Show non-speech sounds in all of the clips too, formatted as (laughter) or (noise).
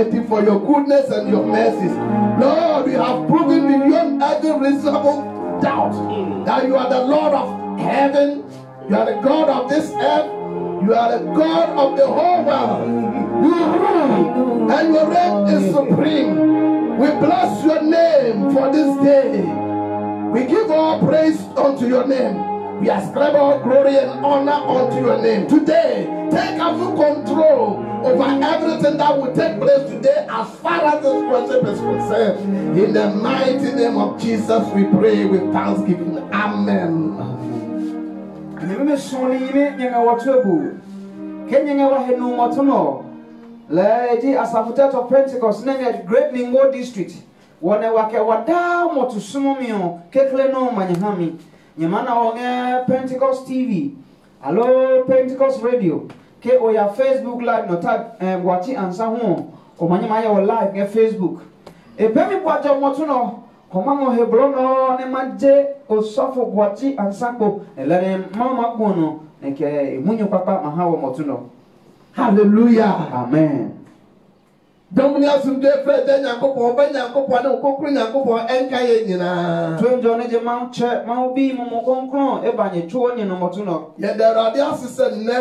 Almighty, for your goodness and your mercies. Lord, we have proven beyond every reasonable doubt that you are the Lord of heaven, you are the God of this earth, you are the God of the whole world. You rule and your reign is supreme. We bless your name for this day. We give all praise unto your name. We ascribe all glory and honor unto your name. Today, take full control over everything that will take place today as far as this worship is concerned. In the mighty name of Jesus, we pray with thanksgiving. Amen. great ningo district yɛmana wɔn pentecost tv alo pentecost radio ke oya facebook live na ɔta ɛɛ buakye ansa ho ɔmo anyam ayɛ wɔ live ɛ facebook ebemi buakye ɔmɔto no kɔma mo hebron no ne ma gye osɔfo buakye ansa ko e ɛlɛre mama ko no ne emu nyi papa ma ha wɔ ɔmɔto no hallelujah amen. Dɔnku y'a sun tɛ fɛn tɛ ɲa ko bɔn bɛ ɲa kɔnkɔn na. Yɛrɛ de y'a sisan na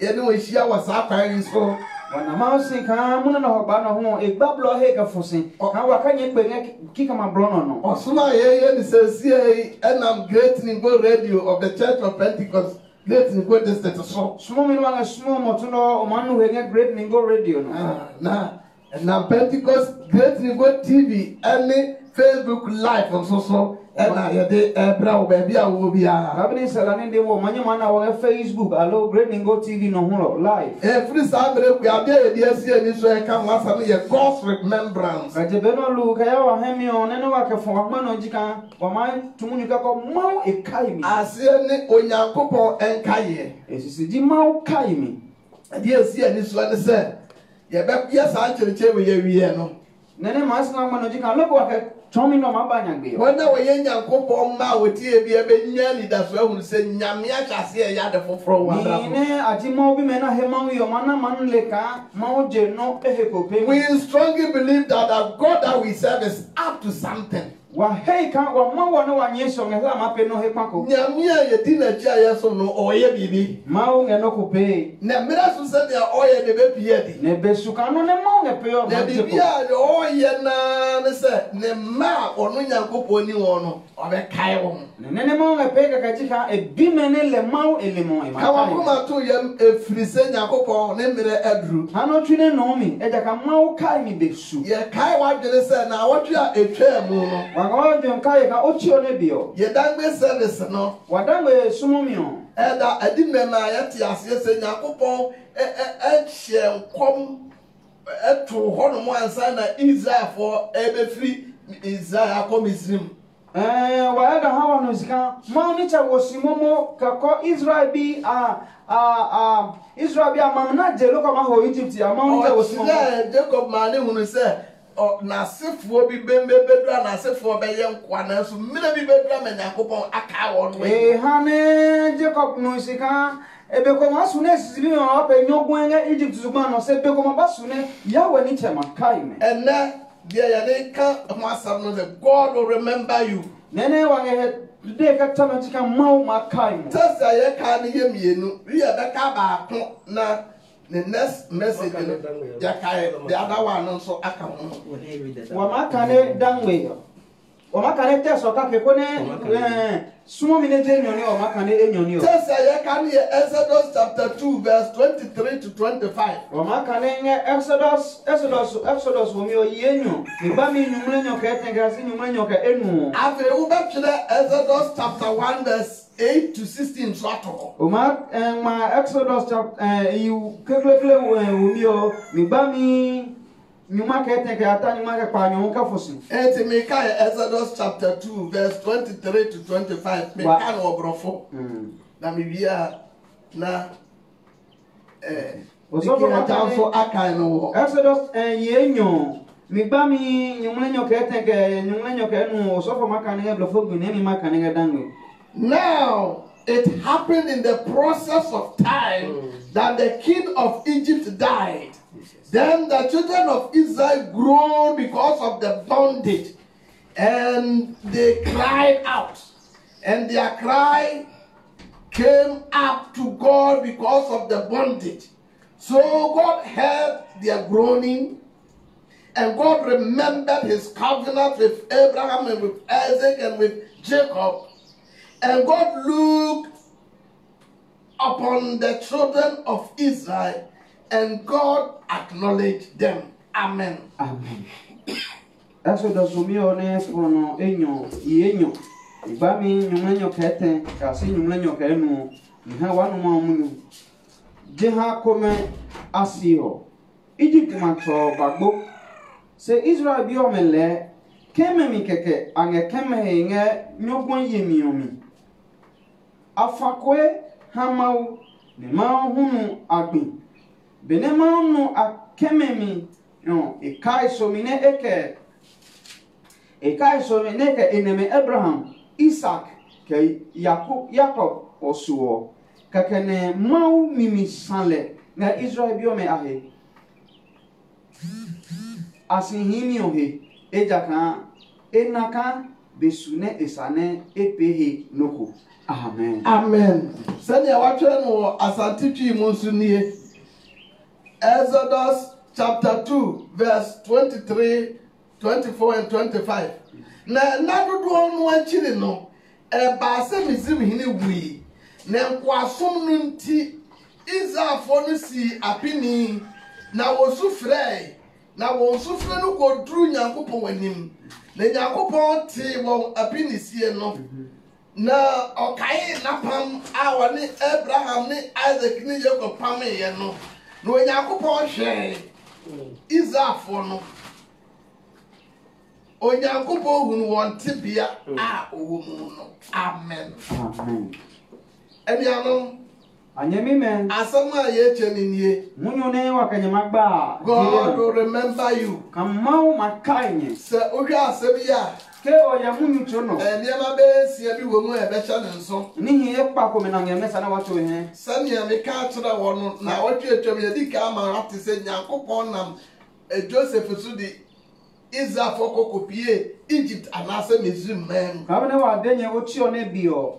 yɛrɛ n'o siya wa sa kan yi so. Wànàmá sì kan múnà náà ọ̀gbá náà hùn ìgbà bùlọ̀ hẹ́ kẹ fún sí. Àwọn akányẹ pè ní kíkà máa bùlọ̀ náà nù. Ọ̀sùnmáyé great of Pentecost great ni go distance so. sumu minnu b'a la sumu mɔtun dɔ o ma nu wɛngɛ great ni go radio nɔ. Ah, na na pentecost great river tv ɛne facebook live nsoso um, ɛna uh, yɛde ɛbrɛ uh, wo baabi a wowɔ biara uh, rabini sɛlane de wɔ manyɛ ma na wɔyɛ facebook alo great ningo tv no ho live ɛfiri saa berɛ ku adeɛ a yɛde asi ani so ɛka ho asa no yɛ god's remembrance agyebe no lu kɛyɛ wahemi ɔ ne ne wakɛfo wahoma no gyika wɔma tom nyika kɔ ma wo e mi aseɛ ne onyankopɔn ɛnkayeɛ ɛsisi e gyi di wo kae mi adeɛ asi ani so ɛne sɛ yɛ saa nkyerɛkyerɛ wɔ yɛ wieɛ no nene maa sena ma n'ogyi kan lɔbɔ akɛ tɔn mi nɔɔma ba nyagbe. wɔn na wɔyɛ nyankopɔn mma a wɔtie bi ɛbɛ nya nidaso ehun sɛ nyame ahyase ɛyɛ ade foforɔ wɔ adara. yìnyɛ ajimawo bi mɛ na he mawu yɔ ma na ma nu le ka mawu dze nɔ ehe ko pe. we strongly believe that our god that we serve is up to something waheka wama wɔne wanyehyɛ ɔngɛ sɛ amapɛ no hepa ko nyame a yɛdi n'akyi a yɛsom no ɔyɛ biribi ma wo ŋɛ no kopee na mmerɛ so sɛdeɛ ɔyɛ ne bɛpie adi na bɛsuka no ne ma wo ŋɛ pɛyɛ ɔma biribi a deɛ ɔyɛ naa ne sɛ ne mma a ɔno nyankopɔn ni wɔn no ɔbɛkae wɔn na ne ne ma wo ŋɛ pɛyɛ kakakyi ka ebi mɛ ne lɛ ma wo elimɔ ɛma ka wɔn kɔma to yɛm efiri sɛ nyankopɔn ne mmerɛ aduru hanotwi ne nɔɔmi ɛgya ka ma wo kae mi bɛsu yɛ kae wadwene sɛ na awɔtwe a etwa mu no aŋɔdun ka yi ka o tsi ne bi o. yedagbe service nɔ. wadagbe sumu mi o. ɛda ɛdi mɛma yɛ ti aseɛ sɛ nyakubɔn ɛ e, ɛ e, ɛhyɛ nkɔm ɛtu hɔnom ansa na israelfoɔ ɛbɛfiri israel akɔ misrim. ɛɛ eh, wa ɛda ha wa no sika maa ni kyɛ wɔ si momo kakɔ israel bi a a a israel bi a mamu na jɛ lokɔ ma hɔ egypt a maa ni kyɛ wɔ si momo. jacob na asịfuo bi be mbebedura na asịfuo be ye nkwa na nso mmiri bi bedura ma nyankopɔn aka wɔn eh, no. ehane jacob n'osika ebekoma asu ne esisi bi ma wapɛ nyɔgun ɛŋɛ egypt zuma na ɔsɛ ebekoma ba su ne yawe ni kyɛma kai mɛ. ɛnɛ deɛ yɛde ka ho asam na sɛ god remember you. nene wangɛ de ka tama kyika mmaw ma kai ime. sɛ sɛ yɛ kaa ne yɛ mmienu yɛ bɛka baako na. the next message the other one no nso aka ho wɔmaka ne danwe wɔmaka ne tɛ sɔka keko ne eh, sumo mi ne te nyɔni wɔmaka ne e nyɔni o. tẹsẹ yẹ ka ne yẹ exodus chapter two verse twenty three to twenty five. wɔmaka ne nye exodus exodus exodus wo mi o yi enyo nipa mi nyumire nyɔkɛ tɛnkɛ asi nyumire nyɔkɛ enu. afei wo bɛ twerɛ exodus chapter one verse eight to sixteen so atɔ. o ma ɛ eh, ma exodus chapter eh, ɛ iwu kekelekele ɛ eh, omi o migba mi nyuma kɛtɛ kɛ ata nyuma kɛ kpa nyɔnu kɛ fosi. ɛ ti mi ka exodus chapter two verse twenty three to twenty five mi ka na ɔbrɔfo mm. na mi wia na ɛ osofo kata nso aka no wɔ. exodus ɛ yie nyɔ migba mi nyumle nyɔ kɛtɛ kɛ nyumle nyɔ kɛ nu osofo ma ka ne kɛ blɔfo gbinɛ mi ma ka ne kɛ dangbe. Now, it happened in the process of time hmm. that the king of Egypt died. Then the children of Israel groaned because of the bondage, and they cried out. And their cry came up to God because of the bondage. So God heard their groaning, and God remembered his covenant with Abraham and with Isaac and with Jacob. And God looked upon the children of Israel, and God acknowledged them. Amen. Amen. Eso dasumi one ono enyo ienyo. Iba mi nyumenyo kete kasi nyumenyo kenu. Nha wanu mamunu. Jeha kome asio. Egypt matro bagbo. Se Israel bi omele keme mi keke ange keme nge nyogun yemi omi. afakoe hamawo memao hunu agbi benemao nu akememi no ekai somine eke ekai somine eke eneme abraham isak ke yakob yakob osuo kakene mau mimi sanle na israel ome ahe asinhimi ohe eja kan enaka besune esane epehe noko amen amen sɛnea wɔatwerɛ no wɔ asante twii mu nso nie exodus chapter 2 verse 23 24 and 25 na nna dodoɔ no akyiri no ɛbaa sɛ misrim wui na nkoasom no nti israelfoɔ no sii apini na wɔn su na wɔn sufrɛ no kɔduru nyankopɔn anim na nyankopɔn tee wɔn apinisie no na ɔkae n'apam a wɔne abraham ne isaac ne yakob pameeɛ no na onyankopɔn hwɛɛ israelfoɔ no onyankopɔn hunu wɔn tebea a ɔwɔ mu no amen anuanom Anyemime. Asanwaanyị echeninie. Munyone wakanyamagba. God will remember you. Ka mmanwụ maka anyị. Sị oge asem ya. Ke ọya munyu tso nọ. E, Nneɛma bɛ nsia bi wɔ mu a ɛbɛhyɛ ne nso. N'ihi ihe kpa kome na nyɛ mɛsa na wato ihe. Sɛnea meka akyerɛ wɔ no na wɔtwe atwam yɛdi ka ama ate sɛ Nyankopɔn nam e, Joseph so de Israelfoɔ kɔkɔ pie Egypt anaasɛ Misraim mmaa mu. Kabe ne ochie ọ na-ebi ọ.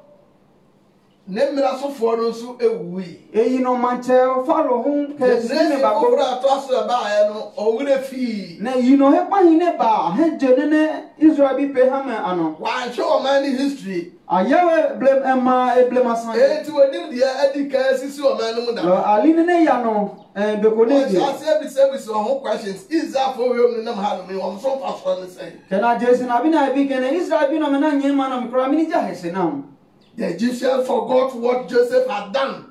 ne mmira sofoɔ no nso ewui. eyi na ɔmankyɛ faro ho kɛse ne baako. ne nesi kofra to so ɛbaayɛ no ɔwura fii. na yi na ɔhekpahin ne ba ahegye ne ne israel bi pe hamɛ ano. w'ahwɛ ɔman ne history. ayɛ eblem ɛma e eblem asan. eti wɔnim deɛ edi ka esisi ɔman no mu da. ali ne ne ya no ɛɛ e, beko ne deɛ. ɔsi ase ebisabisa ɔho questions israel fo wiem ne nam ha no mi wɔn so fa so ne sɛn. kɛnɛ jesi na bi na ebi kɛnɛ israel bi na mi na nye ma na mi kora mi ni gya hɛsɛ nam. The Egyptians forgot what Joseph had done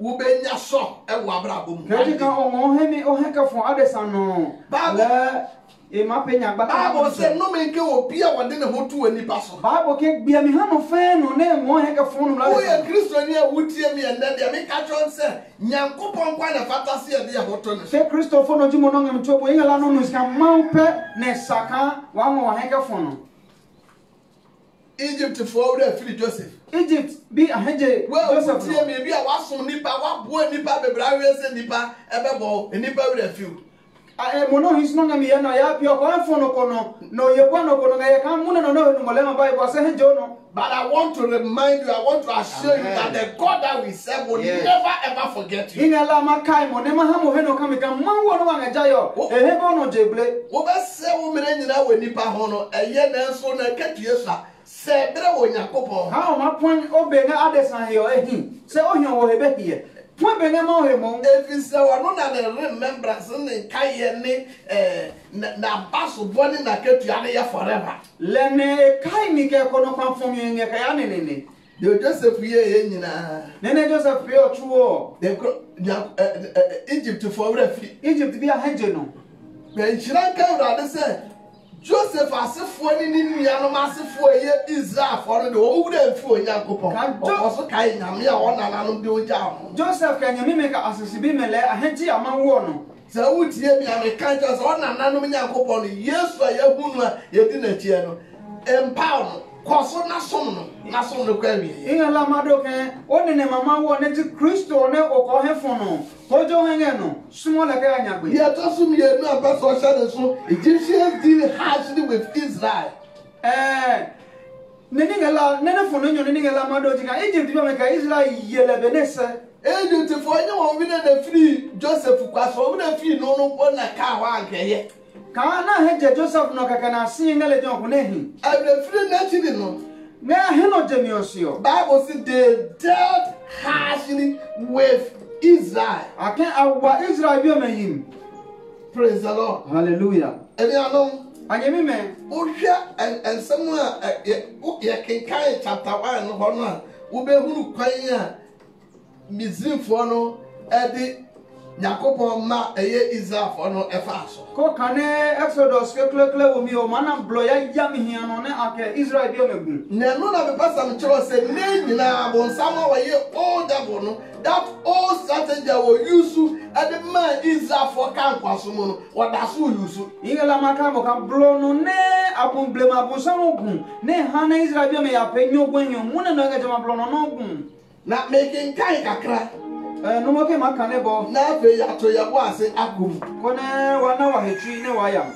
wobɛnya sɔ ɛwɔ abrabɔ mu. kẹ́hìn kan ọmọ ọhẹ́mi ọhẹ́kẹ́fọ́ adẹ́sánù lẹ́ èèmà pé nyàgbá. báàbò sẹ numu ike wo bí a wàdí ne ho tu wọ nípa sọ. báàbò ké gbìyànjú hànú fẹ́ẹ́ nù ní ẹ̀mọ́ ọhẹ́kẹ́fọ́ nù. wúyẹ kristu ni ewu tiẹ mi ẹ̀ndẹ́ diẹ mi kájọ nsẹ nyanko pọnkọ ẹ̀ fata sí ẹ̀ bí ẹ̀ hótó ni. ṣé kristu fọnà ojú mu náà ń tó bó yín egyptfoɔ wo dɛ firi joseph. egypt bi ahagye joseph no. wɔn a wotie mi bi a wasom nipa waboa nipa bebree awie sɛ nipa ɛbɛbɔ nipa wo dɛ fiw. mono hisno na miya na ya pio kwa fono kono no ye kwa no kono na ye kan muna no no no mole ma bai kwa se hejo no but i want to remind you i want to assure Amen. you that the god that we serve will yes. never ever forget you ina la ma kai mo ne ma ha mo he no ka me ka man wo no wa nja yo e he bo no jeble wo be se wo mere nyina we nipa ho no eye na so na sɛ ɛbrɛ wɔ nyankopɔn ha ɔma pon obɛnga adesan hɛ ɛhi sɛ ɔhia wɔ hɛ bɛhiɛ pon bɛnga ma ɔhɛ mɔ ɛfiri sɛ wɔno na ne remembrance ne nkayɛ ne eh, n'abasobɔ ne n'akatua ne yɛ forever lɛ ne ɛkae e mi kɛ kɔ no kwan fɔm yɛn yɛ kaya ne ne ne de joseph yɛ yɛ nyinaa nene joseph yɛ ɔtwo wɔ egypt fɔ fi egypt bi ahagye no bɛnhyira nka awurade sɛ joseph asefoɔ ni ne nuanom asefoɔ yɛ israelfoɔ no de wɔn wura mfi onyankopɔn ɔkɔ so kae nyame a ɔnananom de ogya ho joseph ka nyame meka asese bi mele mɛlɛ ahagye amanwoɔ no sɛ wotie bia meka nkyɛ sɛ ɔnananom nyankopɔn no yesu a yɛahu no a yɛdi n'akyiɛ no mpaw no kɔso n'asom no n'asom no kɔ awie. ihe lamado o nene mama wɔ ne ti kristo ne okɔ he fun no kojú hɛngɛ no súnmọ́ lɛ kɛ anyagbe. yɛ tó sún mìíràn náà sɔ ne so egyptians deal harshly with israel. ɛɛ nini ŋɛla nene fun ne nyɔ nini ŋɛla mado ti ka egypt bɛ mɛ ka israel yɛlɛ bɛ ne sɛ. egypt nye wɔn bi ne na firi joseph kwaso firi kɔ na kaa hɔ kaa na he gye joseph no kɛkɛ na asen ne le gyɔn ko ne hin. awerɛfiri n'akyi de no. ne ahen no bible si de dealt harshly with israel. ake awa israel bi ɔmɛ yim. praise the lord. hallelujah. ɛni anum. anyami mɛ. wohwɛ nsɛm a e, e, yɛ kenkan chapter one hɔ no a wobɛhunu kwan a misrimfoɔ no ɛde nyakopɔn ma ɛyɛ israelfoɔ no ɛfa so. kó kane exodus keklekle wo mi o mana blɔ ya ya mi hiã no ne akɛ israel bi o me gun. nenu na pepa sam kyerɛ sɛ ne nyinaa bonsam a wɔyɛ old devil no that old strategy a wɔyusu ɛde ma israelfoɔ ka nkwaso mu no wɔda so yusu. yigalama ka mo ka blɔ no ne abonblema bonsam gun ne ha israel bi o me yapɛ nyogbonyo mu ne na ɛkɛ jama blɔ no n'ogun. na mekinkan kakra. numoke makanebo n'efe ya tụ ya bụ asị agụ m kone wana wahetri ne waya m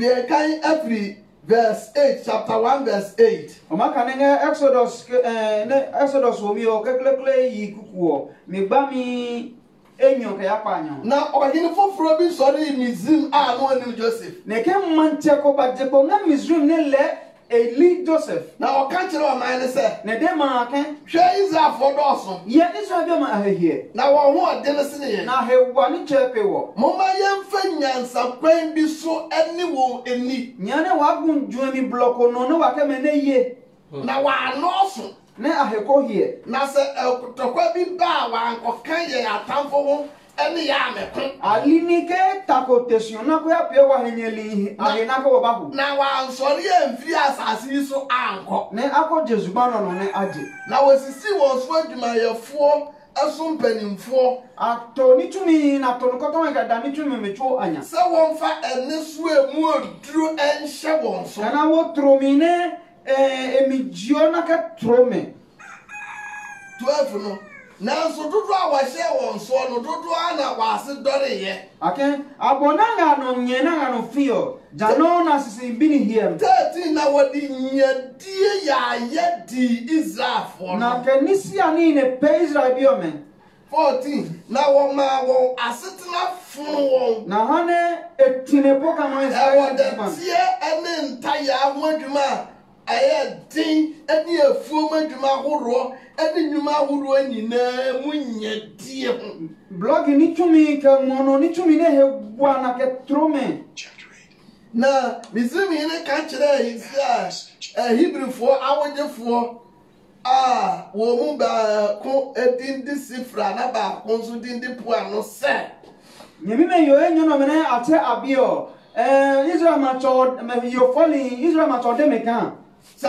deɛ kan afiri verse eight chapter one verse eight. ɔmakane ŋa exodus ɛɛ eh, ne exodus wo mi yɔ keklekle yi kuku wɔ mi ba mi enyo ka ya kpa anyo. na ɔhene foforɔ bi sɔrɔ yi mizrim a ah, n'o ni joseph. ne ke mmantsɛ kɔba dze kɔ ŋa mizrim ne lɛ. eli joseph na ɔka kyerɛ ɔman ne sɛ na ɛdɛ maa ka hwɛ israelfoɔ dɔɔso yɛ israel bi ma ahahie na wɔn ho ɔde no sene yɛ na ahewua ne kyerɛ pe wɔ momma yɛmfa nyansakwan bi so ne wɔn ani nyɛ ne wɔago ndwuami blɔko no ne wakɛmɛ ne yie hmm. na wa wɔanɔɔso ne ahekɔhie na sɛ ɛtɔkwa bi ba a wɔankɔka yɛ atamfo ho ɛne yɛ amɛko. alinike takotesiona ko yapie wa henyeli alinake wɔ baako. na wansɔre yɛ nfiri asase yi so ankɔ. ne akɔ jesuba nɔnɔ ne agye. na wɔsisi wɔn so adwumayɛfoɔ ɛso e mpanimfoɔ. atɔ ne tumi na atɔ ne kɔtɔn nkada ne tumi metwo anya. sɛ wɔnfa ɛne so emu oduro ɛnhyɛ e wɔn so. kana wotoro mi ne ɛɛ eh, emigio naka toro mi. twelve no. na dodoɔ a wɔhyɛ wɔn soɔ no dodoɔ na wɔase dɔreyɛ. ake abo nanga no nye nanga no fio jano na sisi bi ni hiɛ. thirteen na wɔde ya yaayɛ di israel no. na kenisia ni ne pe israel bi ɔmɛ. fourteen na wɔmaa wɔn asịtịna funu wọn. na ha na etunebo kama israel bi ma. ɛwɔ dɛteɛ ɛne ntaya ho adwuma a ɛyɛ den ɛne efuom adwuma ahoroɔ. ɛne nnwuma ahodoɔ nyinaa mu nyadeɛ ho blɔge ne tumi ka mmɔno ni tumi ne hɛboa na kɛtoro me na misrim hene ka kyerɛɛ sɛ eh, hebrifoɔ awogyefoɔ a wɔn mu baako eh, din de sifra na baako nso din de poa no sɛ nyame eh, ma yɛ ɛnyɛ no mene akyɛ abeɛ israel matɔ yɛfɔli israel matɔ de meka sɛ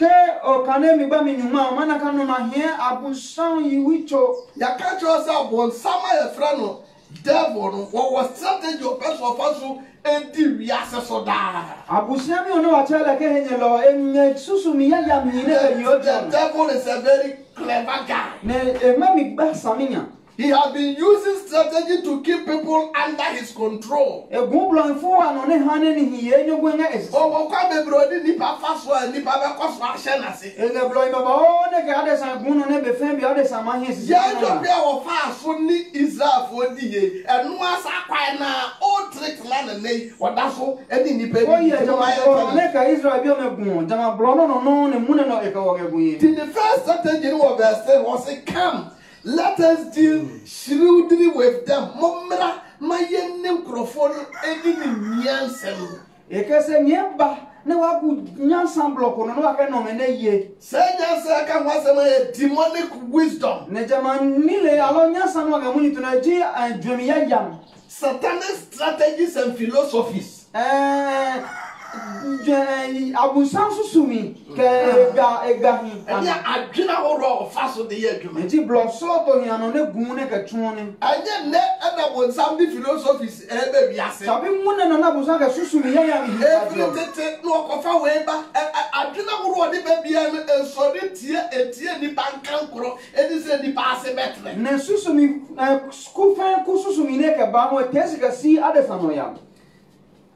ke okane mi ba mi nyuma mana kanu ma hie abusan yi wicho ya ka cho sa bon sama ya fra no devil no wo wo strategy of person of us endi wi ase so da abusan mi ono wa chele ke henye lo enye susu mi ya ya mi ne be yo the devil is a very clever guy ne e ma mi gba saminya He has been using strategy to keep people under his control. Egun blɔnfo ano ne han ne hiye nye gbe nye esisi. Ɔwɔ kɔ bebree odi nipa fa so a nipa bɛ kɔ so ahyɛ n'ase. Ele blɔ ibaba o ne ka adesa gun no ne bɛ fɛn bi adesa ma hin sisi. Yɛn jɔ bi a wɔfa aso ni Israelfo di ye ɛnu asa kwae na o trick na ne ne wɔda so ɛni nipa bi. Oye jama blɔ ne ka Israel bi ɔmɛ gun jama blɔ no no no ne mu ne na eka wɔ kɛ gun ye. Ti the first strategy ni wɔ bɛ se wɔ se come let us deal shrewdly with them mɔmmra ma yɛn ne nkurɔfoɔ no ani ne nyansɛm. ekese nye ba ne wa ku nyansan blɔko no ne wa fɛ nɔmɛ ne ye. sɛ nyansan ka ho asɛm yɛ demonic wisdom. ne jamani le alo nyansan wa ka mun yi tuna ji eh, jɔnmiya yam. satanic strategies and philosophies. Eh, abunsan susumi kɛ ega ega hin kan. ɛyɛ adwene ahorow a ɔfa so de yɛ adwuma. nti blɔsɔ bɔ hiano ne gun ne ka tún ne. ɛnyɛ nɛ ɛna bonsam di philosophies ɛbɛ wiase. sabi mun nana na bonsam ka susumi yɛ ya mi. efiri tete na ɔkɔfa wɔ eba ɛ adwene ahorow de bɛ bia no esɔre tie etie nipa nkankorɔ edi sɛ nipa ase bɛtɛrɛ. na susumi ɛ kufɛn ko susumi ne kɛ ban wɔ tɛsi ka si adesanɔ yan.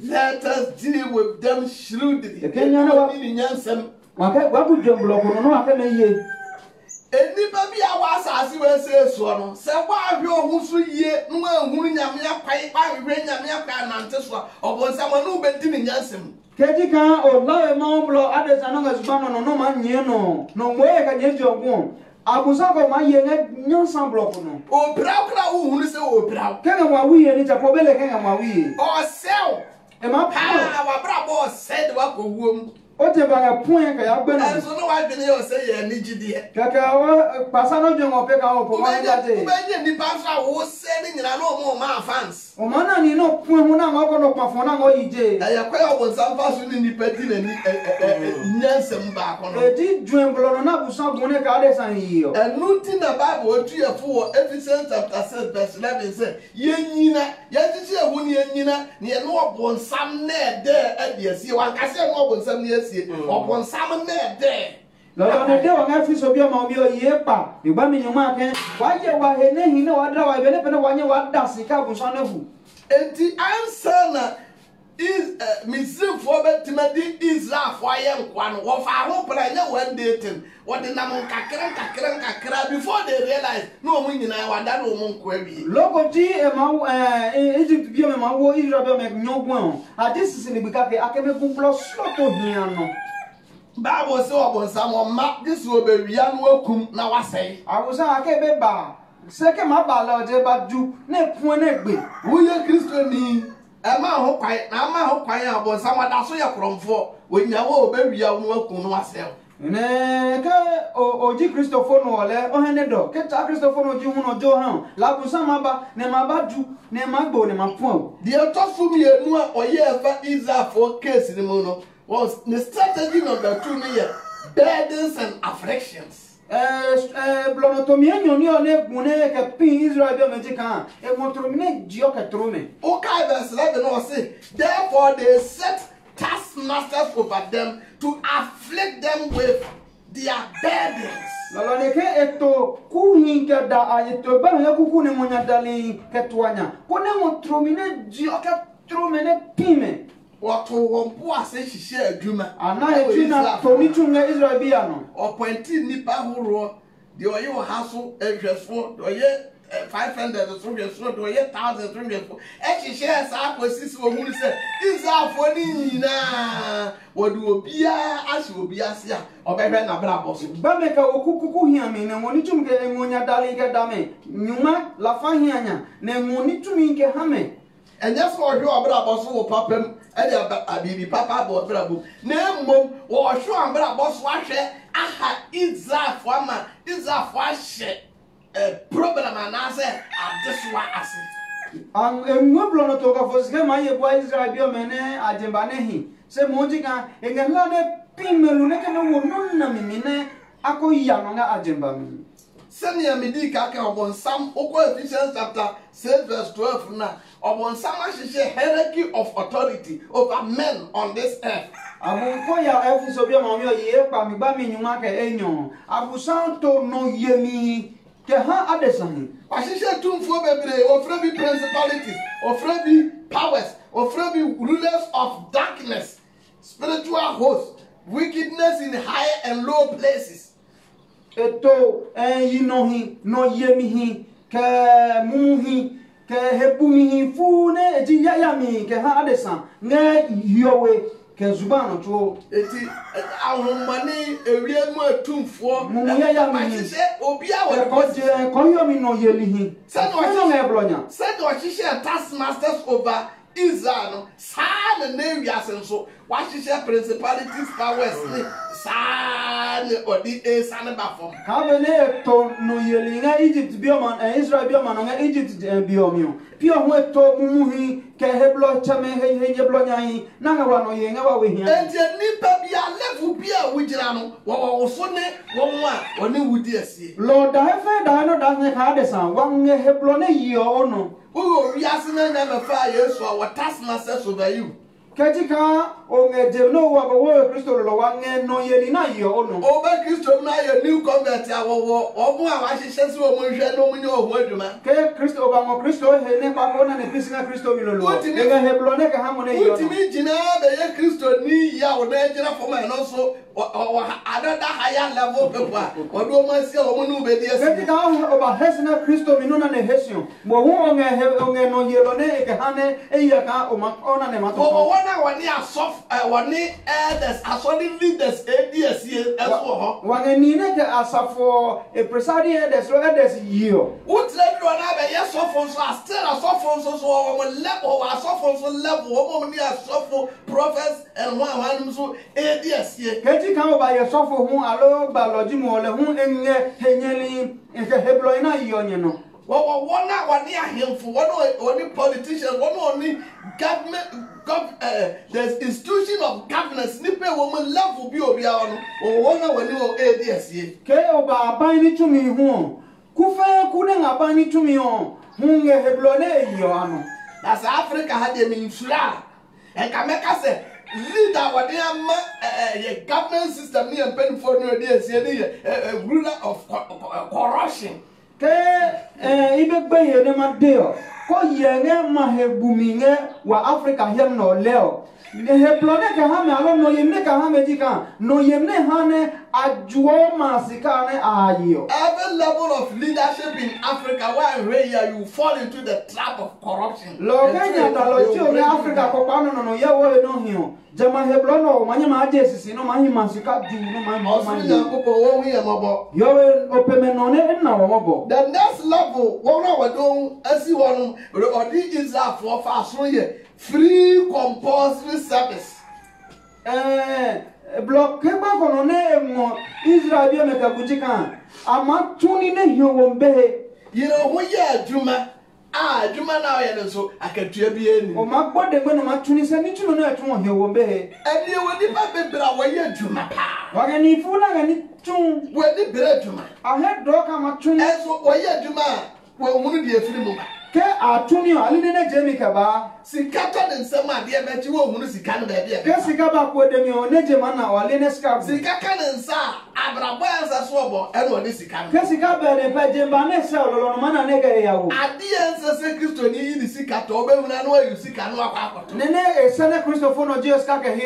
Let us deal with them shrewdly. wakudwamblɔ kono na waka na yie. Enipa bi a w'asaase w'ese soɔ no sɛ w'ahwɛ ohun so yie na w'ahunu nyamea kwan w'ahwehwɛ nyamea kwan anante soɔ na w'obɛdi ne nyansɛm. Keji kan olawe mawulo adesa na ŋasuma nɔnɔ n'o ma nyɛ nɔ nɔ mɔ yɛ ka ɛma paul. wà á bẹ̀rẹ̀ bọ̀ ọ̀sẹ̀ de wà kò wúwo mu. ó ti bàrẹ̀ pún yẹn kẹ̀yà gbẹ́ nù. ẹ̀sùn náà wà á gbìyànjú ọ̀sẹ̀ yẹn ní jídìí. kẹ̀kẹ́ wọ́n pàṣẹ náà jẹun ọ̀pẹ̀ kan ọ̀pọ̀ wọn ní jáde. ó bẹ́ẹ̀ omana nina okupuemu nanga ẹ okpafu nanga oyije yakoya obonsamfa suni ni peti ne nyansem baakono eti dwembolono na busa gune ka adesa yiyo ɛnu ti na baabu otu yɛ fo verse ewu ni yɛnyina ni esie lolonedewa ngafiso bia maubio yepa ibamenyo mwake waye wahenehine wadra waibene pene wanye wadasi ka bunsanefu enti ansana is eh, misrifoɔ bɛtena de israelfoɔ ayɛ nkoa no wɔfa ahopra ɛnyɛ one day ten wɔde nam nkakra nkakra nkakra before they realize na wɔn nyinaa wada na wɔn nko awie. lɔkɔti ɛma ɛɛ egypt bi ɛma wo israel bi ɛma nyɔgun ɛho adi sisi ne bi kakɛ akɛmɛ gunkulɔ sɔtɔ hiã no bible sɛ ɔbonsam ɔma gye sɛ ɔbɛwia no wakum na wasɛe awosam aka ɛbɛba sɛke maba la ɔde ba du na ɛpua na ɛgbe woyɛ kristoni ɛma ho kwan na ama ho kwan a ɔbonsam ɔda so yɛ korɔmfoɔ onyia wɔ ɔbɛwia no wakum no wasɛe ne ke oji kristofo no ɔlɛ ɔhɛn ne dɔ ke ta kristofo no oji hun ɔjɔ hàn labusan ma ba ne ma ba du ne ma gbɔ ne ma pɔn o. deɛ tɔfu mienu a ɔyɛ ɛfɛ israfo keesi ni mu no was the strategy number two ni yɛ burdens and afflictions. bulɔlɔtɔmiya ɲɔni yɔ ne gun ne ka pin israel be mɛnti kan mɔtɔrɔmi ne jiyɔ ka toro mɛ. o ka ɛbɛn sira n'o se therefore they set taskmasters over them to afflict them with their burdens. lɔlɔdeke eto kuhin kɛ da a eto bɛrɛ kuku ni ŋɔnya dalen kɛ tuwa ɲa ko ne ŋɔ toro mi ne jiyɔ kɛ toro mɛ ne pin mɛ wɔto wɔn po ase hyehyɛ adwuma. ana etu na tonitum na israel bi ya no. ɔpɔnti nipa ahoroɔ deɛ ɔyɛ ɔha e so ɛhwɛsoɔ deɛ ɔyɛ five hundred so hwɛsoɔ deɛ ɔyɛ thousand so hwɛsoɔ ɛhyehyɛ saa akɔsi si wɔn mu sɛ israelfoɔ ne nyinaa wɔde obiara ahyɛ obi ase a ɔbɛhwɛ n'abrabɔ so. bẹ́ẹ̀ni ka oku kuku hiã mi na ŋun nitum ke ŋun nya dali ke dame nyuma lafa hiã nya na ŋun nitum ke hame. ɛnyɛ sɛ ɔhwɛ ɔbrabɔ so wɔ papa mu ɛde abibi papa abɔ brabom na mmom wɔhwɛ ambrabɔ so ahwɛ aha israelfo ama israelfo ahyɛ ɛ problem anaasɛ adesoa ase. enwe bulɔ no toka fo sike ma ye bua israel bi ɔmɛ ne adimba ne hi se mo ti kan eŋɛ hila ne pin melu ne kene wo no na mimi ne akɔ yi ano ŋa mi sɛnea medi kaka ɔbɔnsam wokɔ ephesians chapter six verse twelve na ɔbɔnsam ahyehyɛ hierarchy of authority over men on this earth. àbùkù yà ẹfun sobi ọmọ mi ò yẹ pa mi bá mi nyuma kẹ ẹ yàn àbùsàn tó nù yé mi kẹ hàn adẹsàn. wàhyehyɛ tumfuo bebree ofurɛ bi principalities ofurɛ bi powers ofurɛ bi rulers of darkness spiritual hosts wickedness in high and low places eto e yinohi no yemihi ke mumuhi ke hebumihi fu ne eti yayami ke ha adesa nge yowe ke zubano tuo eti ahomani ewie mu atumfoɔ mumu yayami hi obi a wɔ kɔgye kɔyomi no yelihi kɔyɔ nge blonya sɛde ɔhyehyɛ taskmasters over israel no saa na na ewiase nso wahyehyɛ principalities powers ne saa ne ɔde esane ba fam. kabe ne eto no yeli nga egypt bi ɔma ɛ eh, israel bi ɔma na nga egypt eh, bi ɔmi o pi ɔmo eto mumu hi kɛ heblɔ kyɛmɛ hehe heblɔ nyanyi na nga wa no yɛ nga wa wo hia. ɛnti nipa bi a level bi a wogyina no wɔwɔ woso ne wɔn a wɔne wudi ɛsie. E lɔɔda hefe da no da ne kaa de san wa ŋa heblɔ ne yie ɔno. wúwo wíyásí náà nà mẹ́fà yéésù ọ̀wọ́ tásínà sẹ́sọ̀ bẹ́yìí. kẹ́jì kan ongedemno waba wo kristo lolo wa ngeno yeli na yo ono obe kristo na yo new convert awowo omu awa sise si omu hwe no mu ni ohu adwuma ke kristo oba mo kristo he ne pa na ne pisi na kristo mi lolo e ne ga heblo ne ga hamo ne yo utimi jina be ye kristo ni ya o na jina fo ma e no so another higher level people ọdún ọmọ ẹsẹ ọmọ inú bẹ di ẹsẹ. E bẹẹni náà ọhún ọba hẹsìn kristo mi nínú ní hẹsìn mọ òun ọ̀ngẹ̀ ọ̀ngẹ̀ nọ yẹlọ ní ìkẹhánẹ ẹ̀yẹ kan ọ̀nà ní ma tó kàn. ọ̀wọ́ náà wà ní wɔne elders asɔre leaders edi esie ɛso wɔ hɔ. wɔn ani ne de asafo epresade elders lo elders yie o. wotire bi wɔn abɛyɛ sɔfo nso astere asɔfo nso so wɔn level wɔ asɔfo nso level wɔn mu ni asɔfo prophets ɛnua wɔn anum so edi esie. kejì kan wò ba yɛ sɔfo ho alo gbalɔdzi mu ɔlɛ ho enyɛ henyɛli nhwɛhɛblɔ yi na yi ɔnyɛ no wɔwɔ wɔn a wɔne ahemfo wɔn a wɔne politician wɔn a wɔne government gov ɛɛ eh, the institution of governance nipa wɔn mu level bi obi a wɔn wɔwɔ wɔn a wɔne wɔn edi ɛsie. ke ɔba aban ne tumi ho kufɛ ku ne aban ne tumi ho ho yɛ hebron ne eyi ɔno. na saa afirika ha deɛ mi nsura ɛka mɛka sɛ leader wɔde ama ɛɛ government system ne yɛ mpanyinfoɔ ne yɛ de ɛsie ne ruler of corruption ke eh, ibe gbe ye ne ma de o ko ye ne ma he bumi ne wa africa he no le o he plone ka ha me alo no ye ne ka ha me di ka no ye ne ha ne Every level of leadership in Africa, where I'm right here, you fall into the trap of corruption. jama hebron no manye ma je sisi no manye ma sika di no manye ma manye osu yankopo wo wi e lobo yo opeme no ne na wo lobo the next level wo na wo don asi wo no odi israel for fa no, ye free compulsory service eh blok kemgbe afọ na-enwe Israel bịa meka guji a ma tuni ne hiwo mbehe yere ho yɛ adwuma a adwuma na ɔyɛ no nso akatua bi ani ma gbɔ de na na ma tuni sɛ ne tuni no ɛtun bɛɛ. wɔ mbehe n'i ba nipa bebree a wɔyɛ adwuma paa n'i wɔgani ifu na gani tun ni bere adwuma a dɔɔ ka ma tuni ɛso wɔyɛ adwuma a wɔn hunu deɛ firi mu ma ke atumi a ali ne gye mi kaba sika tɔ ne nsɛm a deɛ bɛgye wo ohun sika no baabi ɛkɛ ke sika baako de mi a ɔne gye ma na wale ne sika gu sika ka ne nsa a abrabɔ ɛnsa so ɔbɔ ɛna ɔne sika no ke sika bɛɛ de pɛ gye mba ne sɛ ɔlɔlɔ no ma na ne gɛrɛ yawo adeɛ nsa sɛ kristo ni yi ne sika tɔ ɔbɛhu na no ayi sika no akɔ akɔtɔ ne ne esɛ ne kristofo no gye sika kɛhɛ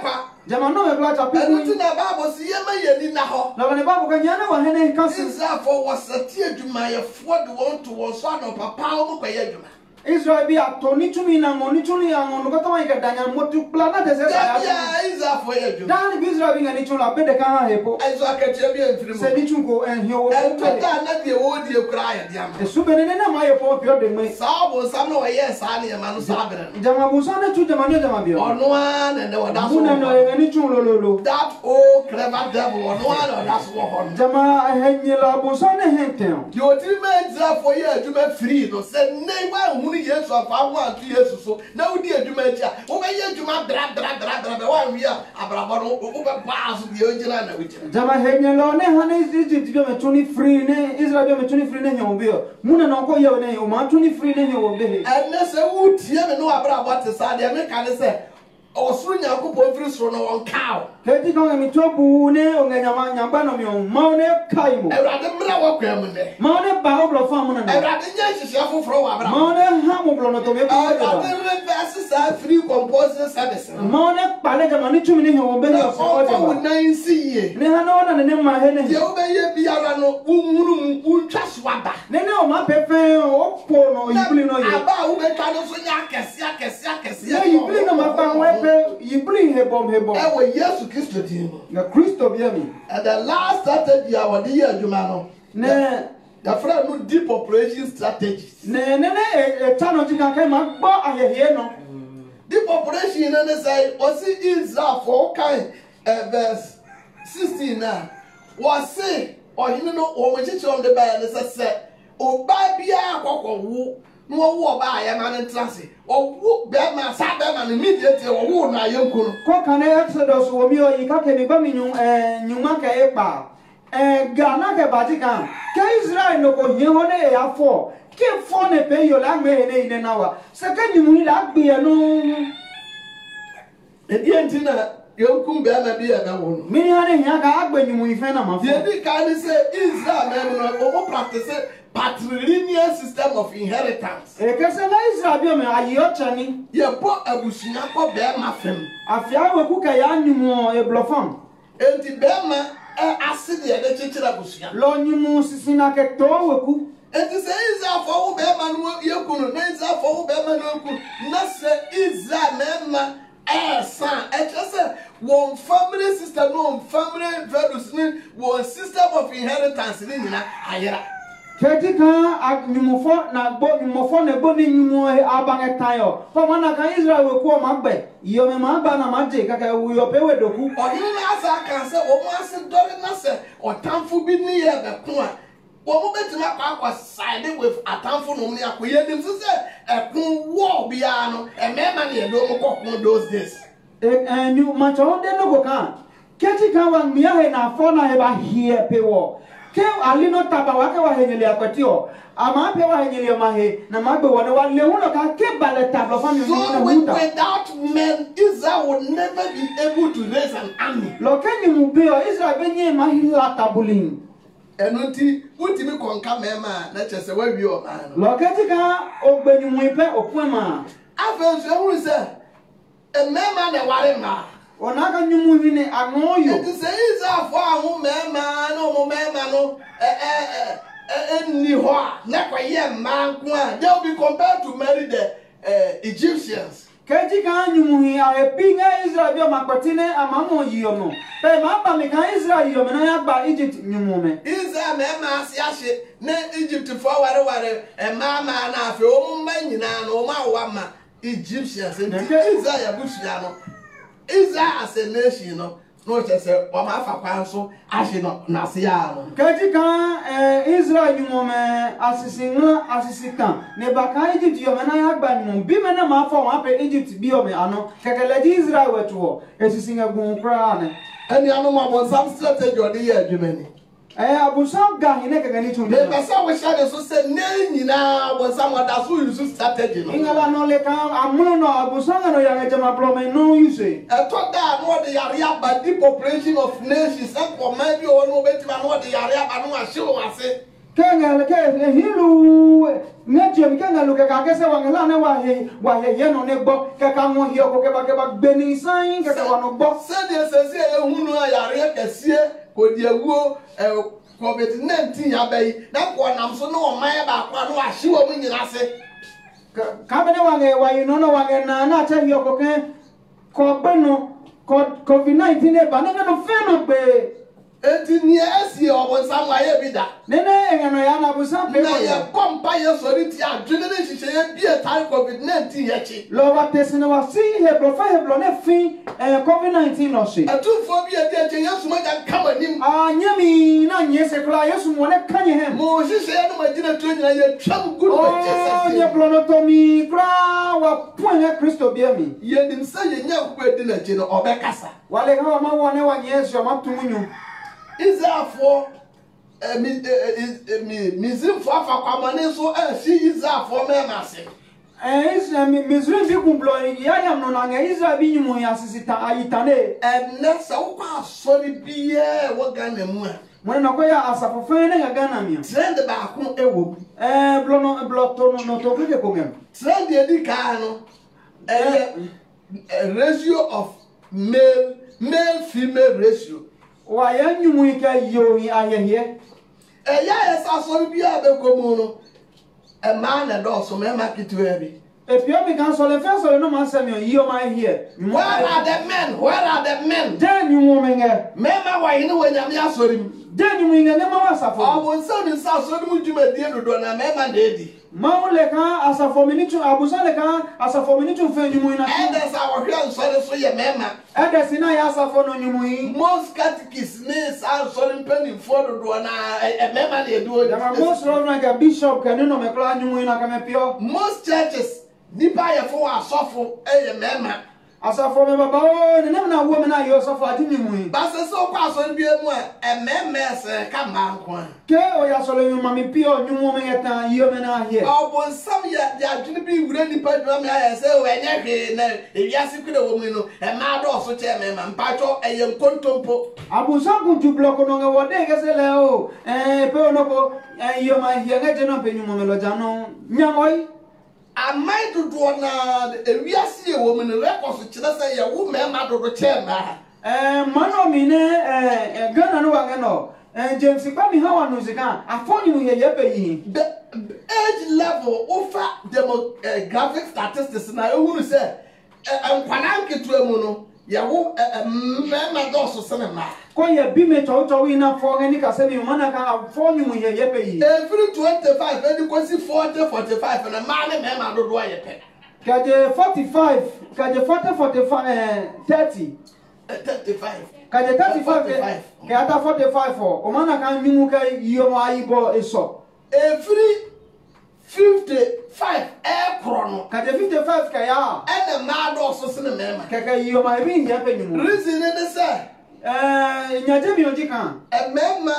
kwa jamano bɛ bila ka pipu. ɛnu ti na baabu si yɛ mɛ yɛ ni na hɔ. labɛnni baabu ka nyɛ ne wa hɛnɛ kan si. israfo wasati adwumayɛfoɔ de wɔn to wɔn so anɔ papa wɔn kɔ yɛ adwuma. Israel bi ato nitumi na ngo nituni ya ngo nukata wa ikadanya motu plana de sesa ya ya iza fo ye ju dani bi Israel bi ngani chula bende ka ha hepo aizo akatia bi enfrimo se ni chungo en eh, hiyo wo en tota na de wo die kura ya dia e sube ne na ma yepo pio de mai sabo sam no ye sa ne ma no sabere jama busa na chu jama ne jama bi ono na ne wada so na ye ngani chulo lolo that old oh, clever devil ono na that's jama eh, henye la busa ne henten yo me free no se ne wa wohunu yesu afa awo ato yesu so na wodi adwuma akyi a wobɛyɛ adwuma brabrabrabrabra woanwie a abrabɔ no wobɛbaa so deɛ ogyina na wogyina jaba hɛnyɛlɛ ne ha ne egypt bi ɔmɛto ne firi ne israel bi ɔmɛto ne firi ne hɛ wo bi ɔ mu na na ɔkɔ yɛ wo ne hɛ wo ma ato ne firi ne hɛ wo bi ɛnɛ sɛ wotie me ne wabrabɔ te saa deɛ meka ne sɛ ɔsoro nyankopɔn firi soro na wɔnkaw enti na ɔnyametoa buu ne ɔnyanyamba na ɔma wo ne kae mu awurade mmra wɔkwa mu nɛ ma wo ne ba wobrɔfa mo no awurade nyɛ nhyehyɛ foforɔ wɔ abra ma wo ne ha mobrɔ no tɔmɛ awurade reverse saa free composing service no ma wo kpa ne gyama ne tumi ne hwɛ wɔ bɛne ɔsɔkɔ gyama wo nan si yie ne ha na ɔna ne ne ma hɛ ne deɛ wobɛyɛ biara no wonwunu mu wontwa so aba ne ne ɔma pɛpɛn ɔpɔ no ɔyibili no yɛ aba a wobɛtwa no so nyɛ akɛseɛ akɛseɛ akɛseɛ ebe ibiri hebom hebom. ɛwɔ yesu kristo din mu. na kristo bia mi. ɛdɛ last strategy a wɔde yɛ adwuma no. The friend no deep operation strategies. Ne ne ne ɛta e, e, no ti na kɛ ma gbɔ ahɛhɛ no. deep operation na ne sɛ ɔsi israel fɔ ɔkan eh, Verse sixteen na wɔsi ɔhene no wɔn kyekyere wɔn de ba yɛ ne sɛ sɛ ɔbaa biara kɔkɔ wu na wɔwu ɔbaa a yɛma no ntena ase wɔwu bɛrima saa bɛrima no immediately wɔwu no a yɛnku exodus wɔ mi ɔyi kake mi ba mi nyu ɛɛ nyuma ka e kpa ɛɛ ghana kɛ bati kan kɛ israel no ko hin hɔ ne yɛ kí fɔ ne pe yɔ la ŋmɛ yɛ ne yi ne na wa sɛkɛ nyumu yi la gbi yɛ no. ɛdi e yɛn ti na yɛnkum bɛrima bi yɛ bɛ wɔ no. mi ni hã ne hiã ka agbɛ nyumu yi fɛn na ma fɔ. yɛ israel mɛ mu practice patrilineal system of inheritance. Èkese na Israel bi omi ayi ọ̀chẹ́ ni. Yẹ bọ́ ẹ̀bùsùnyá kọ́ bẹ́ẹ̀ma fẹ́m. Àfíà wẹ̀kú kẹ̀yà ánimọ̀ ẹ̀blọ̀fọ̀m. Èti bẹ́ẹ̀ma ẹ̀ ase ni ẹ̀dẹ̀ kyekyere ẹ̀bùsùnyá. Lọ́nyimu sisi na kẹtọ́ wẹ̀kú. Èti sẹ́ Israel fọwọ́ ma ni wọ́n kunu na Israel fọwọ́ bẹ́ẹ̀ma ni wọ́n kunu na sẹ́ Israel mẹ́ẹ̀ma ẹ̀ẹ̀sán ẹ̀kyẹ́ sẹ́ wọ́n family system ní wọ́n family values ní wọ́n system of inheritance ni nyina ayẹ́ra. kɛti kan a na e e gbɔ ɲumɔfɔ na gbɔ ni ɲumɔ a tan yɔ fɔmɔ na kan israel wo kɔ ma gbɛ yɔmɛ ma ba na ma je kaka kɛ pe we doku. ɔyìn ní asa kan sɛ wɔn dɔri na sɛ bi ni yɛ a wɔn bɛ tuma kɔ akɔ saidi wɛ atanfu nom ni akɔ yɛ sisɛ ɛkun e wɔɔ biara no ɛmɛɛma ni kɔ kun those days. ɛ ɛ den ne ke alino taba wake wahenyele akwetio amape wahenyele mahe na magbe le walehuno ka ke bale taba fami so with, without men Israel would never be able to raise an army lokeni mubio Israel benye mahila tabulin ɛnu ti wotumi kɔnka mɛɛma na kyerɛ sɛ wawie ɔbaa no. lɔkɛti ka ogbenimu pɛ okun ma. afei nso ehuru sɛ e mɛɛma na ɛware mmaa. onaka nyumuvi ne anoyo nti sɛ israelfo a ho mmarima ne ɔmo mmarima no ɛnni hɔ a na kɔyɛ mmaa nko a they will be compared to marry the uh, egyptians kẹ́tí kan nyumuhi a epi ŋa israel bi ọmọ akpẹtí ní amamu yiyọ mu bẹẹ màá bà mí kan israel yiyọ mi náà yà gba egypt nyumu mi. israel mẹ́ẹ̀mà ase ase ní egypt fọ́ wẹ́rẹ́wẹ́rẹ́ ẹ̀maa eh, maa náà fẹ́ wọ́n mú mẹ́ nyinaa ní egyptians ẹ̀ ní israel yẹ bu sùn Israel as a nation no n'oche sɛ ɔmo afa kwan so ahye no n'ase ya no. kejì kan ɛɛ israel nyumɔmɛ asisi ŋa asisi kan ne ba kan egypt yɔmɛ n'a y'a gba nyumɔ bi mɛ ne ma fɔ wɔn apɛ egypt bi yɔmɛ ano kɛkɛlɛ di israel wɛ to hɔ esisi ŋa gun kura ne. ɛni anumabɔ sam strategy ɔdi yɛ adwuma ni ɛɛ abosam ga hinɛ kɛkɛ ni tun bɛ. mɛsɛn wosia de so sɛ ne nyinaa abosam ɔda so yusu strategy no. ngala n'ole kan amuno nɔ abosam kan'o yɛrɛ jama bulɔ mɛ n'o yusu ye. ɛtɔ da n'o de yari aba di population of nations ɛkɔ mɛ bi o n'o bɛ tiba n'o de yari aba n'o asi o ase. kɛngɛl kɛ hilu ne jem kɛngɛlu kɛ k'a kɛ sɛ wangɛla ne wa ye wa ye yɛ nɔ ne gbɔ kɛ ka ŋɔ hiɛ ko kɛba kɛba gbɛni sanyi kɛ kɛ wa nɔ gbɔ. sɛ kɛ wɔdi awuo ɛɛ eh, covid nineteen aba yi na wɔnam so na ɔman yɛ baako a na wɔahye wɔn nyinaa ase. kabini wange wayi nono wange na na akyɛ wiye kɔkɛ kɔgbe no covid nineteen eba eh, ne ne no fɛn no gbee. Eti ni esi ọbọnsam ayé bi da. Nínú ìrìnà yà nà bùsàn pé wòye. Na yẹ yẹ sọ̀rọ̀ ti àdúrà ní ìṣiṣẹ́ yẹ bí ẹ̀ COVID nineteen yẹ kyi. Lọ́wọ́ tẹ̀sí ni wà sí Hebron fẹ́ Hebron náà fi ẹ̀ COVID nineteen nọ̀ ṣe. Ẹ̀túnfọ́ bí ẹ̀ di ẹ̀jẹ̀ Yéṣu mọ̀ jà kama ní mu. Ànyẹ́ mi náà nyẹ́ ṣe kúrò Yéṣu mọ̀ náà kányẹ̀ hẹ́m. Mo ṣiṣẹ́ yẹn ma jìnnà tó yẹn yẹ twẹ́m gúrú ma jẹ́ sẹ́sẹ́. Ó yẹ kúrò náà tọ́ mi kúrò wà pọ̀ yẹn Kristo bí mi. Yẹ́n ní sẹ́yìn yẹn kúrò ẹ̀ dín náà jẹ́ náà ọ̀bẹ kásá. Israelfoɔ eh, ɛmi ɛ ɛ mi eh, eh, Misraimfoɔ afakwamɔni nso ɛsi Israelfoɔ mɛɛma ase. Misraim bi kun bulɔ yayam nɔ na nka Israel bi ɲumu ya sisi ta ayi ta ne ye. Ɛnɛ sɛ wokɔ asɔri bi yɛ wɔ Ghana mu a. Mɔni na ko yɛ asafo fɛn ne ka Ghana mi. Trend baako ɛwɔ mu. Ɛɛ bulɔ nɔ bulɔ tɔ nɔ tɔ ko de ko ŋɛ. Trend yɛ di kaa no ɛyɛ ratio of male male female ratio wàyẹ nyumu yi kẹ yomi ayẹyẹ. ẹyẹ ẹsẹ asọri bi a bẹ gomu no ẹmaa na dọọso mẹẹma ketewa bi. Epi omi kan sọ lẹfẹ sọ lẹnu ma sẹmi yi ọmọ ayi Where are the men? Where are the men? Dẹ́ẹ̀ ni wọ́n mi ngẹ. Mẹ́ẹ̀ma wà yìí ni wọ́n nyàmú yà sọ̀rọ̀ mu. Dẹ́ẹ̀ ni wọ́n mi ngẹ ní ma wà sàfọ̀. Ọ̀bùn sẹ́mi sá mu jùmọ̀ díẹ̀ dodo na mẹ́ẹ̀ma nà édi mawu le ka asafomini tun abusa le ka asafomini tun fɛn ɲumu na. ɛdɛsi awɔhwɛ nsɔre so yɛ mɛɛma. ɛdɛsi n'a eh, eh, y'a safo no ɲumu yi. most catechists ní saa nsɔre mpɛnifo dodoɔ na ɛmɛɛma de edu o. dama most reverend ka bishop kɛ ne nɔmɛ kura plan yi na kɛmɛ pure. most churches nipa yɛ fo asɔfo ɛyɛ eh, mɛɛma asafo mi baba o nemu na awo mi na ayɛ ɔsɔfo adi ni mu yi. basa sɛ aso ni bi emu a ɛmɛɛmɛ sɛ ka maa nko a. ke oyɛ asɔre yi maame pi a ɔnyumu mi yɛ tan yie mi na ayɛ. ɔbɔnsam yɛ yadwini bi wura nipa dwuma mi ayɛ sɛ ɛnyɛ hwee na ewiase kura wɔ mu yi no ɛmaa e dɔɔso kyɛ mɛma mpatwɔ ɛyɛ nkontompo. abunsan kuntu bulɔko no ŋa wɔ den kese lɛ o ɛɛ eh, pe onoko ɛɛ yie yɛ ŋa jɛ na mpɛ nyumu mi aman dodoɔ na ewiase yɛ wɔ mu no rɛkɔs kyerɛ sɛ yɛwo mmarima dodo kyɛn eh, mmaa. ɛɛ mmanu ne ɛɛ eh, eh, ghana no wa ŋɛnɔ ɛɛ ha wa kan yɛ yɛ bɛ yi. age level ofa na sɛ ɛɛ nketewa mu no mmarima dɔɔso ko bi mi tɔwtɔw yi na fɔnkɛ ni ka mi mana kan ka fɔ ni mun yɛ bɛ yi. efiri twenty five ɛdi ko si forty forty five fɛnɛ maa ni mɛma dodoɔ yɛ pɛ. kajɛ forty five kajɛ forty forty five ɛɛ thirty. Eh, thirty five. kajɛ thirty eh, five kɛ kɛ a forty five fɔ o mana kan ɲugu kɛ yɔmɔ ayi bɔ esɔ. efiri fifty five ɛɛkorɔ eh, no. kàtẹ fifty five kẹyà. ɛna mmaa dɔɔso sini mɛrima. kẹkẹ yiyɔma ebi n yẹ pẹ nyimu. reason ni sɛ ɛɛ eh, nyadze mi o di kan. ɛmɛɛma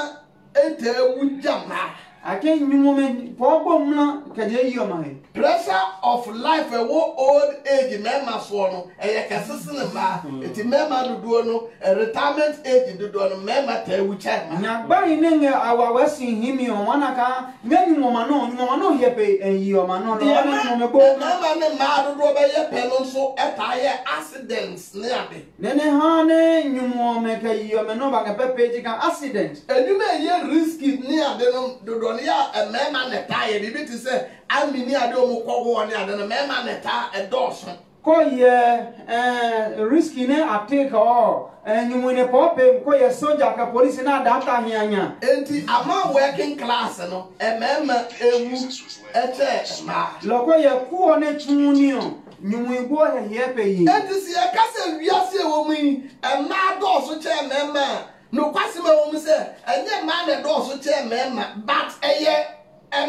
eh, ete eh, ewu jama ake nyumome pɔgbɔ mla kɛde eyi ɔma yi. pressure of life ɛwɔ old age mɛɛma soɔ no ɛyɛ kɛse sini mmaa eti mɛɛma dodoɔ no e retirement age dodoɔ no mɛɛma tɛ ewu kyɛn ma. nyagbari ne ŋa awa wɛsi himi ɔma na ka ŋa nyumoma náà nyumoma náà yɛ pɛ ɛyi ɔma náà lɔ ɔma nyumoma gbɔ. mɛɛma ne mmaa dodoɔ bɛ yɛ pɛ no nso ɛta e yɛ accident ne ade. nene ha ne nyumoma kɛ yi ɔma náà ba kɛ pɛ pɛ ti ka accident. enyuma yɛ risky ne ade no dodoɔ no ne yɛ mmarima nɛta yɛ biribi te sɛ amini ade ɔmo kɔwɔ neta ade no mmarima nɛta ɛdɔɔso. kɔyɛ ɛɛ risiki ne ateke soja ka polisi na adaka hianya. eti ama working class no eh, mmarima ewu ɛkyɛ mmaa. lɔkɔyɛ ne o yi. eti si wiase nokwasɛm a wɔm sɛ ɛnyɛ mmaa na ɛdɔɔso kyerɛ mmarima but ɛyɛ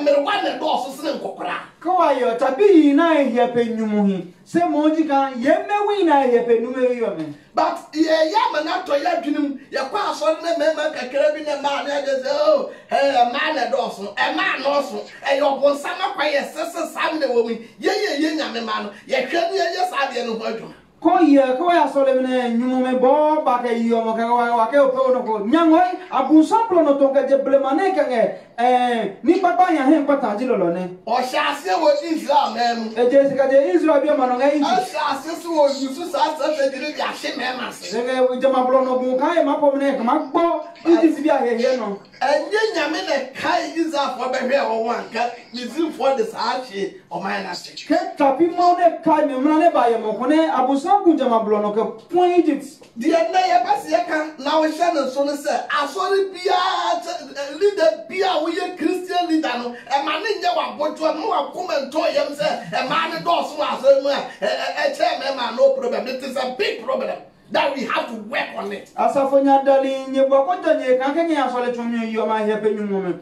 mmerewa na ɛdɔɔso sene nkɔkora kawayɔ tabi na ɛhia pɛ nnwom hi sɛ ma ɔgyi ka yɛmmɛwi yi na ɛhia pɛ nnwom awi yɔ me but yɛyɛ ama no atɔ yɛ adwene mu yɛkɔ na mmarima kakra bi ne mmaa no agye sɛ o oh, mmaa na ɛdɔɔso mmaa nɔɔso ɛyɛ ɔbonsam akwa yɛ sese sam na wɔ mu yɛyɛ yɛ nyame ma no yɛhwɛ no yɛyɛ saa deɛ no ho adwuma ko ya ko ya sole mene nyumume bo ba ke yo mo ka wa ke ope ono ko nyangoi abun samplo no to ke jeble mane ke nge eh ni papa ya hen pata ji lo lo ne o sha se wo israel mem e je se ka je israel bi ma no nge iji o sha se su wo ju su sa sa se dire bi se nge wo je ma bun ka e ma po mene ka ma gbo iji si bi a he he no enye nyame ne kai israel fo be hwe wo wan ka ni zin de sa achi o ma na se ke tapi mo ne kai me ne ba ye mo ko sɔnku jama bulɔ nɔ kɛ pɔn egypt. deɛ nna yɛ bɛ seɛ kan na o hyɛ ne nso no sɛ asɔre biara eh, leader biara o yɛ christian leader no ɛma e ne nyɛ wa bɔtɔ e mu wa kɔmɛ ntɔ yɛm sɛ ɛma e ne dɔɔso wa asɔre mu a ɛkyɛ mɛma no problem it is a big problem that we have to work on it. asafo nya dali nye bɔ kɔntɛ nye kankan nye asɔre tun mi yɔ ma yɛ pe nyumu mi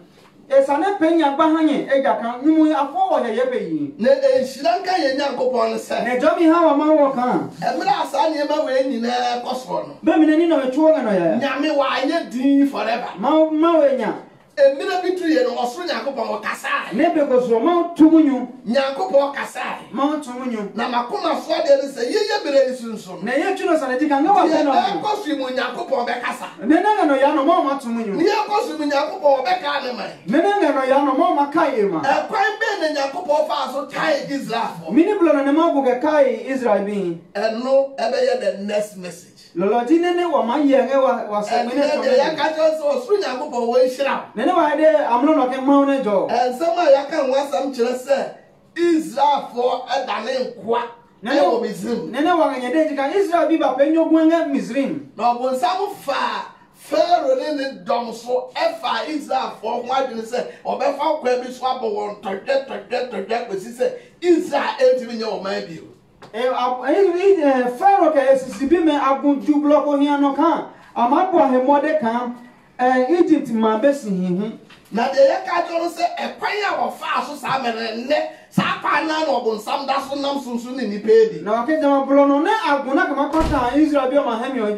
esane pe nyagba hanye egaka nyumu afọ ọyẹ yẹ beyi. na e, ehyira nka yẹn nyankopɔn sɛ. na ɛdɔm yi ha wɔ ma wɔ kan. ɛmira e, asa nneɛma wei nyinaa kɔ soro no. bɛmi n'ani na ɔyɛ tuwo ŋa e na ɔyɛ. nyame wa ayɛ din forever. ma ma wo enya emina bi turu yɛ no ɔsoro nyankopɔn ɔkasaa. ne bɛ ko sɔrɔ maa tum nyu. nyankopɔn kasaa. maa tum nyu. na ma ko ma fɔ de ni sɛ yeye bere yi sunsun. na ye tulo sanadi kan ne wa fɛn dɔ. n'i yɛ kɔ fi mu nyankopɔn bɛ kasa. ne ne ŋanɔ yan nɔ maa ma tum nyu. n'i yɛ kɔ fi mu nyankopɔn bɛ kaa ne ma. ne ne ŋanɔ yan nɔ maa ma kaa ye ma. ɛkwan bɛ ne nyankopɔn fa so taa ye israel fɔ. mini bulon na ne ma ko kɛ ye israel bi. ɛnu ɛbɛ yɛ the next message lɔlɔ ti nene wɔ ma yɛ ŋɛ wa wa sɛ ŋɛ ne tɔ ne. ɛɛ yaka kyerɛ sɛ ɔsoro nyago bɔ wɔn ehyira. nene wa de amuna nɔkɛ mmanw ne jɔ. ɛnsɛm a yaka ŋun asɛm kyerɛ sɛ israelfoɔ ɛdane nkoa. nene wɔ misiri. nene wa ŋa de jika israel bi ba pɛ nyogun ŋɛ misiri. na ɔbɔnsam faa fɛɛrɛ ne ne dɔm so ɛfa israelfoɔ ho adwene sɛ ɔbɛfa kwan bi so abɔ wɔn tɔtwɛ tɔtwɛ tɔtwɛ kɔsi sɛ israel ɛntumi nyɛ ɔman bio. fɛrɛ eh, eh, eh, kɛ esisibi mɛ agunju blɔko hiɛnɔ kan a ma bɔ kan egypt ma bɛ si na deɛ yɛka dwere sɛ ɛkwan a wɔfaa so saa mmerɛ nnɛ saa kwan naa na ɔbonsam da so nam sunsun edi. na ɔkè jama bolo no ne agun na kama kɔta israel bi ɔma hɛmi na ŋɛ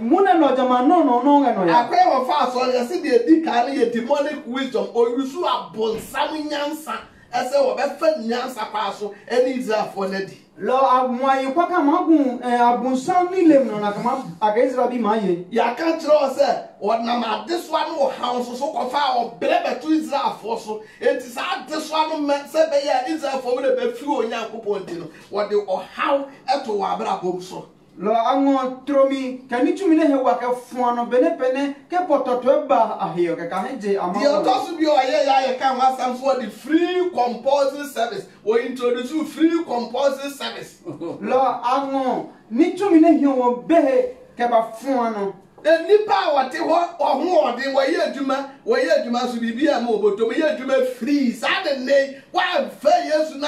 ya. yɛ so di e kan demonic lɔ mɔyi kɔ ka ma gun ɛɛ abunsan ni lemu nana kama a kɛ zira bi maa ye. yaka kyerɛ o sɛ ɔnam adesoa no wɔ han soso kɔfa a ɔbɛrɛ bɛtu israelfoɔ so eti saa adesoa no mɛ sɛ bɛyɛ israelfoɔ mi de bɛ fi wɔn nyankopɔn ti no wɔde ɔhaw ɛto wɔ lo aŋɔ tromi ke nitsumi ne he wa ke fuanɔ be ne pe ne ke pɔtɔtɔe ba ahiyɔ keka he dze ama. the ọtọsùn bí ọyẹ ya yẹ ká wọn sàn fún ọ di free compulsory service wò introduce free compulsory service. lo aŋɔ nitsumi ne hiɛ wɔn bɛɛ kɛ ba fuanɔ. nnipa eh, a wɔte hɔ ɔhoɔden wɔyɛ adwuma wɔyɛ adwuma nso biribi a ma ɔbɔtɔm yɛ adwuma firii saa de wɔamfa yesu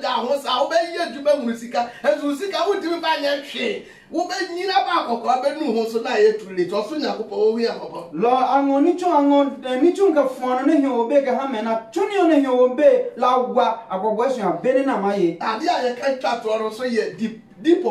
da ho saa wobɛyɛ adwuma hunu sika sika wotumi nyɛ hwee wobɛnyina ba akɔkɔɔ bɛnu ho so na ayɛ tuli tɔ so nyankopɔn wɔhu lɔ aŋɔ nitsu aŋɔ eh, nitsu nke ne na tuni ne hin obe la wa na ma ye. a yɛ twa no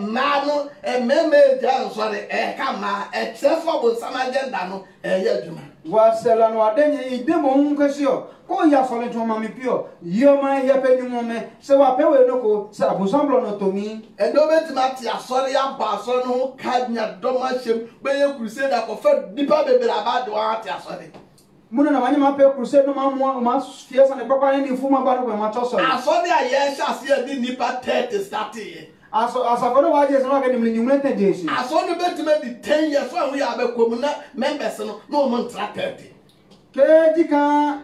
mmaa no mmarima egyina nsɔre ɛka mmaa ɛkyerɛ fɔ bonsam agenda no ɛyɛ adwuma. wasɛlɛ no adenye idemo ho kɛseɛ kɔ yɛ afɔle ntoma mi pio yioma yɛpɛ nimu mɛ sɛ wapɛ wei no ko sɛ abosanblɔ no tomi. ɛdɛ wobɛtumi ate asɔre abɔ asɔre no ho ka nya dɔm ahyɛm bɛyɛ kurusɛ da kɔfɛ nnipa bebree aba de wɔn ate asɔre muna na manyama pe crusade no ma mo ma fiesa ne papa ne fu ma ba no ma choso aso dia ye sha se di nipa 30 start ye asafo no wagye sɛ no aka nimne nwumere ntɛ gye hyi asɔ no bɛtumi adi years so a woyɛ abɛkɔm na members no na ɔmo ntra thirty keegi kan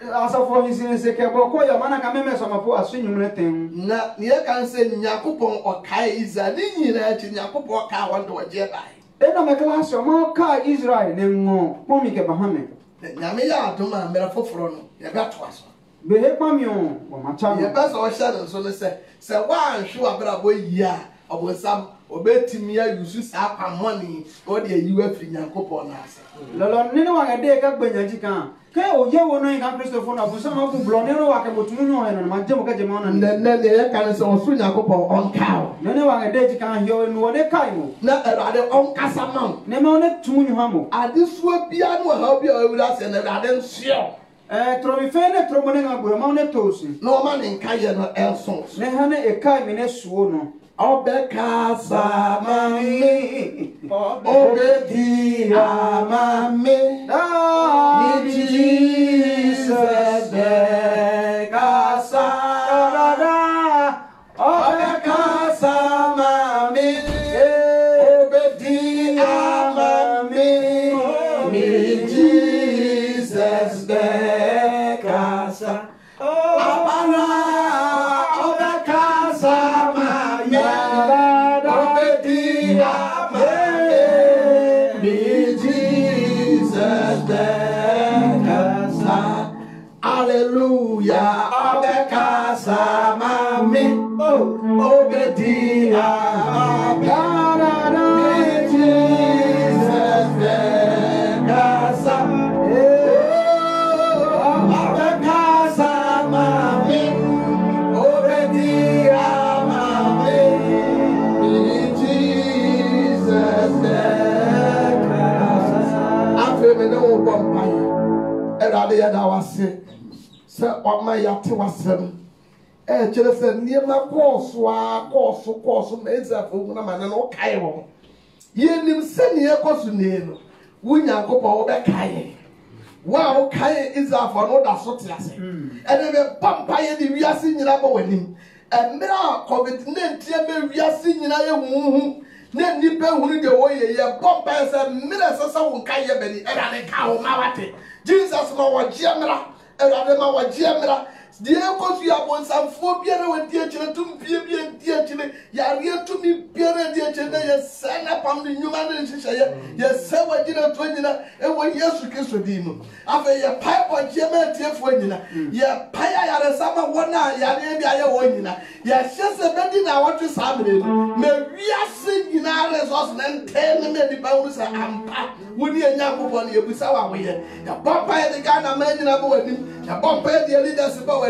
asafo nsinsin kɛbɔ kɔ yɛ ɔmana ka mɛmɛ sɔmafo aso nwumere tɛn na neɛ kan sɛ nyakopɔn ɔkae israel ne nyinaa akyi nyakopɔn ɔkae wɔn de wɔgyeɛ bae ɛna mɛkala sɛ ɔma ɔkaa israel ne ŋɔ kpɔmi kɛba hame nyame yɛ adom a mmerɛ foforɔ no yɛbɛtoa so bee kpam yi o wɔ ma kya no. yɛ bɛ sɛ ɔhyɛ ne nso no sɛ sɛ wɔanhwe abrabɔ yie a ɔbɔnsam obetumi ayusu saa pamɔni o de eyi wa firi nyankopɔn n'ase. lɔlɔ nínú wa ɛdè ká gbẹ nyɛ jikan ké o yẹ wo n'oyin kan kristofo na busa ma kun bulɔ nínú wa kɛ botunu ní ɔyɛ nànàmà jẹmu kɛ jẹmu ɔnà. nɛnɛ de yɛ kan sɛ ɔsú nyankopɔn ɔnka o. nínú wa ɛdè jikan yɔ enuwa ne ka yi o. na ɛdade ɔnkasa ma o. nɛmɛ ne tumu nyuha mo. adesuo bia ni wàhálà bia ewura sɛ ɛdade nsuo. Eh, tɔrɔmifɛn ne tɔrɔmɔ ne ka gɔlɔmaw ne t'o se. n'ɔma nin ka yɛ no ɛnso. ne ha eka mi ne suwo no. ɔbɛ kasa ma mi ɔbɛ (laughs) di a ma mi. ate w'asɛm ɛkyerɛ sɛ nneɛma kɔɔso a kɔɔso kɔɔso ma israelfo hu na ma ne no wokae wɔn yɛnim sɛnea ɛkɔ so nie no wo nyankopɔn wobɛkae wo a wokae israelfo no woda so te ase hmm. ɛne mɛba mpayɛ de wiase nyina bɔ w'anim mmerɛ a covid 19 bɛ wiase nyina yɛ huhu na nnipa hunu deɛ wɔyɛ yɛ bɔ mpaeɛ sɛ mmerɛ ɛsɛ sɛ wo nka yɛ bani ɛwurade ka wo ma wate jesus ma wɔgyeɛ mmera ɛwurade ma wɔgyeɛ mmera deɛ ɛkɔ so yɛ abɔnsamfoɔ biara wɔdi akyerɛ tum bie bie di akyerɛ yareɛ tumi biara di akyerɛ dɛ yɛsɛ n'apam ne nnwuma ne nhyehyɛeɛ yɛsɛ wɔgyina toɔ nyina ɛwɔ yesu kristo din mu afei yɛpae ɔgyeɛ ma atiefoɔ nyina mm. yɛpae ayaresa ma wɔn a yareɛ bi ayɛ wɔn nyina yɛhyɛ sɛ bɛdi na wɔtwe saa mmerɛ no ma wiase nyinaa resɔs ne ntɛn ne ma nipa wɔn sɛ ampa wɔn ni enya akokɔ no yɛbusa wɔ awoyɛ yɛbɔ mpaeɛ de ghana ma nyina bɔ wɔn anim yɛbɔ mpaeɛ de elidas bɔ wɔn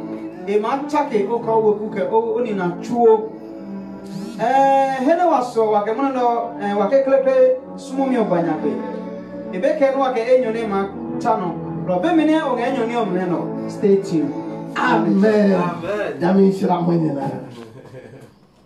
imanchake uko wepuke oni na chuo eh hele waso wake mano eh, wake klepe sumomi mi obanya pe ebeke no wake enyo ne ma chano robe mi ne o enyo na o mene no stay amen amen dami shira mwenye na